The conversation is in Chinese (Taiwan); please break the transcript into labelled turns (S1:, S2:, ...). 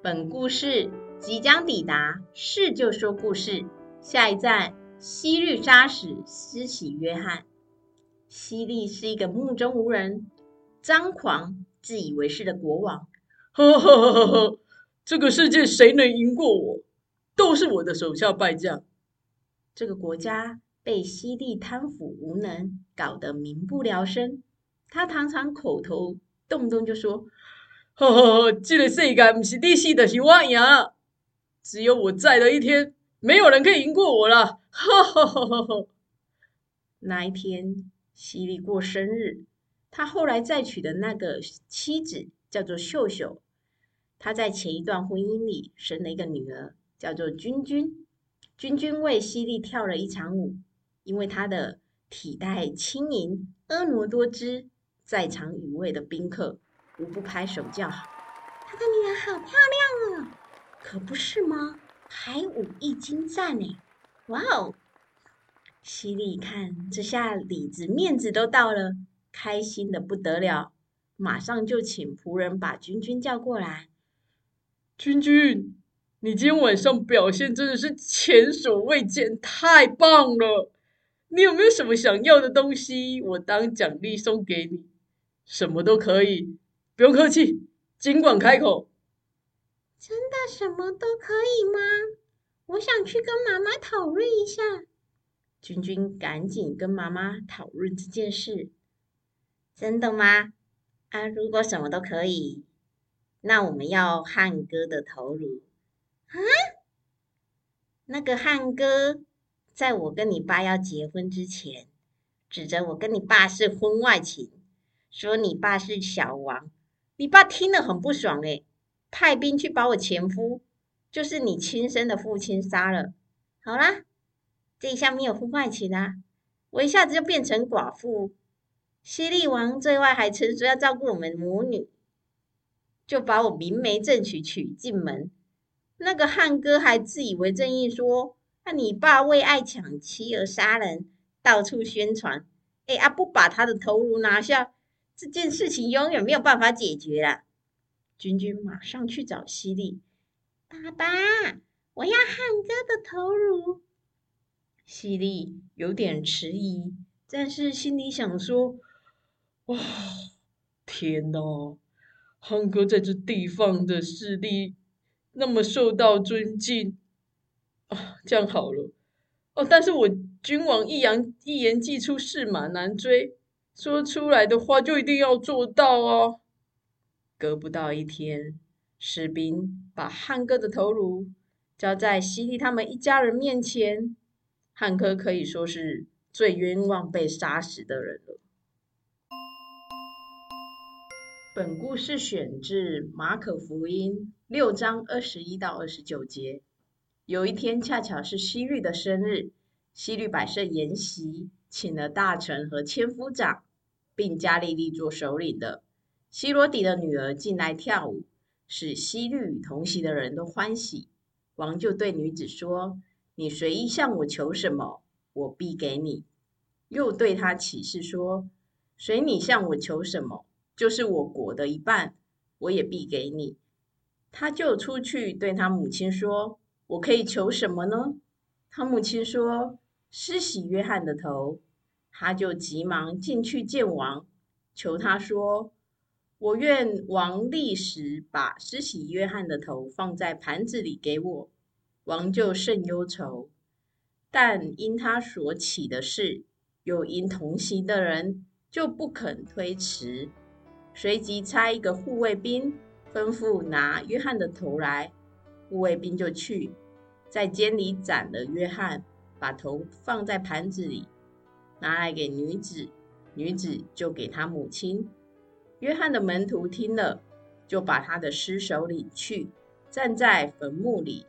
S1: 本故事即將抵達，是就說故事。下一站，希律殺施洗約翰。希律是一個目中無人、張狂、
S2: 自以為是的國王。呵呵呵呵呵，這個世界誰能贏過我？都是我的手下敗將。這個國家被希律
S1: 貪腐無能搞得民不聊生。他常常口頭動不
S2: 動就說。呵呵呵，這個世界不是利息的希望呀。只有我在的一天，沒有人可以贏過我了。呵呵
S1: 呵呵。那一天，希利過生日，他後來再娶的那個妻子叫做秀秀。他在前一段婚姻裡生了一個女兒，叫做君君。君君為希利跳了一場舞，因為她的體態輕盈、婀娜多姿，在場與會的賓客，無不拍手叫好。她的女兒好漂亮哦、啊，可不是嗎？還武藝精湛呢、欸！哇哦，希律！看這下裡子面子都到了，開心得不得了，馬上
S2: 就請僕人把君君叫過來。君君，你今天晚上表現真的是前所未見，太棒了！你有沒有什麼想要的東西？我當獎勵送給你，什麼都可以。不用客氣，儘管開口。
S1: 真的什麼都可以嗎？我想去跟媽媽討論一下。
S2: 君君，趕緊
S1: 跟媽媽討論這件事。真的嗎？啊，如果什麼都可以，那我們要翰哥的頭顱。啊？那個翰哥，在我跟你爸要結婚之前，指着我跟你爸是婚外情，說你爸是小王。你爸聽了很不爽哎，派兵去把我前夫，就是你親生的父親殺了。好啦，這一下沒有婚外情啦，啊，我一下子就變成寡婦。犀利王對外還承諾要照顧我們母女，就把我明媒正娶娶進門。那個漢哥還自以為正義說，那你爸為愛搶妻而殺人，到處宣傳，誒啊不把他的頭顱拿下，這件事情永遠沒有辦法解決了啊。君君馬上去找希利，
S2: 爸爸，
S1: 我要翰哥的頭顱。希利有點遲疑，
S2: 但是心裡想說：哇，天吶，翰哥在這地方的勢力那麼受到尊敬啊，這樣好了。哦，但是我君王一言一言既出，駟馬難追。說出來的話就一定要做到哦、啊。隔不到一天，士兵把翰哥的頭顱
S1: 交在希利他們一家人面前。翰哥可以說是最冤枉被殺死的人了。本故事選自《馬可福音》六章二十一到二十九節。有一天，恰巧是希律的生日，希律擺設筵席，請了大臣和千夫長。並加利利做首領的希羅底的女兒進來跳舞，使希律和同席的人都歡喜。王就對女子說：“你隨意向我求什麼，我必給你。”又對她起誓說：“隨你向我求什麼，就是我國的一半，我也必給你。”她就出去對她母親說：“我可以求什麼呢？”她母親說：“施洗約翰的頭。”他就急忙進去見王，求他說：“我願王立時把施洗約翰的頭放在盤子裡給我。”王就甚憂愁，但因他所起的誓，又因同行的人，就不肯推辭。隨即差一個護衛兵，吩咐拿約翰的頭來。護衛兵就去，在監裡斬了約翰，把頭放在盤子裡。拿來給女子，女子就給他母親。約翰的門徒聽了，就把他的屍首領去，葬在墳墓裡。